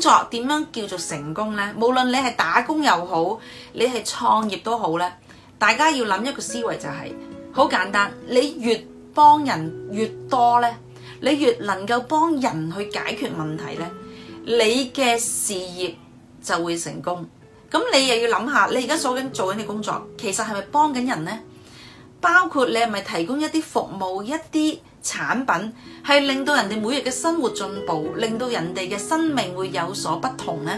工作點樣叫做成功呢？無論你係打工又好，你係創業都好咧，大家要諗一個思維就係好簡單，你越幫人越多咧，你越能夠幫人去解決問題咧，你嘅事業就會成功。咁你又要諗下，你而家所緊做緊嘅工作，其實係咪幫緊人呢？包括你係咪提供一啲服務一啲產品係令到人哋每日嘅生活進步，令到人哋嘅生命會有所不同呢。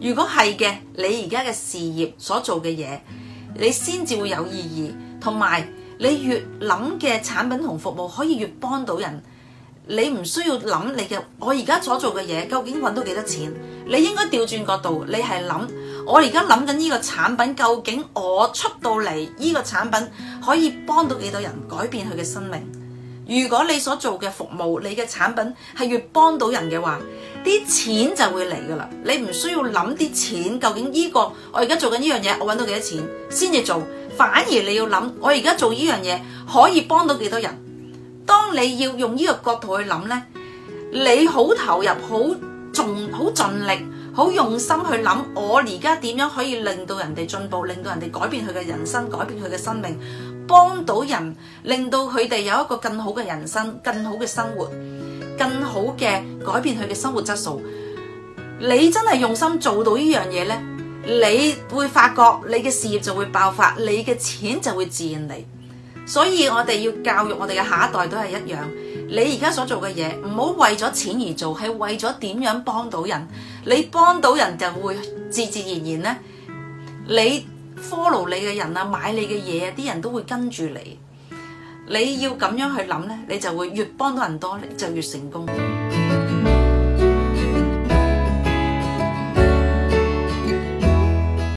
如果係嘅，你而家嘅事業所做嘅嘢，你先至會有意義。同埋你越諗嘅產品同服務，可以越幫到人。你唔需要諗你嘅，我而家所做嘅嘢究竟揾到幾多錢？你應該調轉角度，你係諗我而家諗緊呢個產品，究竟我出到嚟呢個產品可以幫到幾多人，改變佢嘅生命。如果你所做嘅服務，你嘅產品係越幫到人嘅話，啲錢就會嚟噶啦。你唔需要諗啲錢究竟呢個我而家做緊呢樣嘢，我搵到幾多錢先至做，反而你要諗我而家做呢樣嘢可以幫到幾多人。當你要用呢個角度去諗呢，你好投入好。仲好盡力，好用心去諗，我而家點樣可以令到人哋進步，令到人哋改變佢嘅人生，改變佢嘅生命，幫到人，令到佢哋有一個更好嘅人生，更好嘅生活，更好嘅改變佢嘅生活質素。你真係用心做到呢樣嘢呢，你會發覺你嘅事業就會爆發，你嘅錢就會自然嚟。所以我哋要教育我哋嘅下一代都係一樣。你而家所做嘅嘢，唔好為咗錢而做，係為咗點樣幫到人。你幫到人就會自自然然咧，你 follow 你嘅人啊，買你嘅嘢啊，啲人都會跟住你。你要咁樣去諗咧，你就會越幫到人多，就越成功。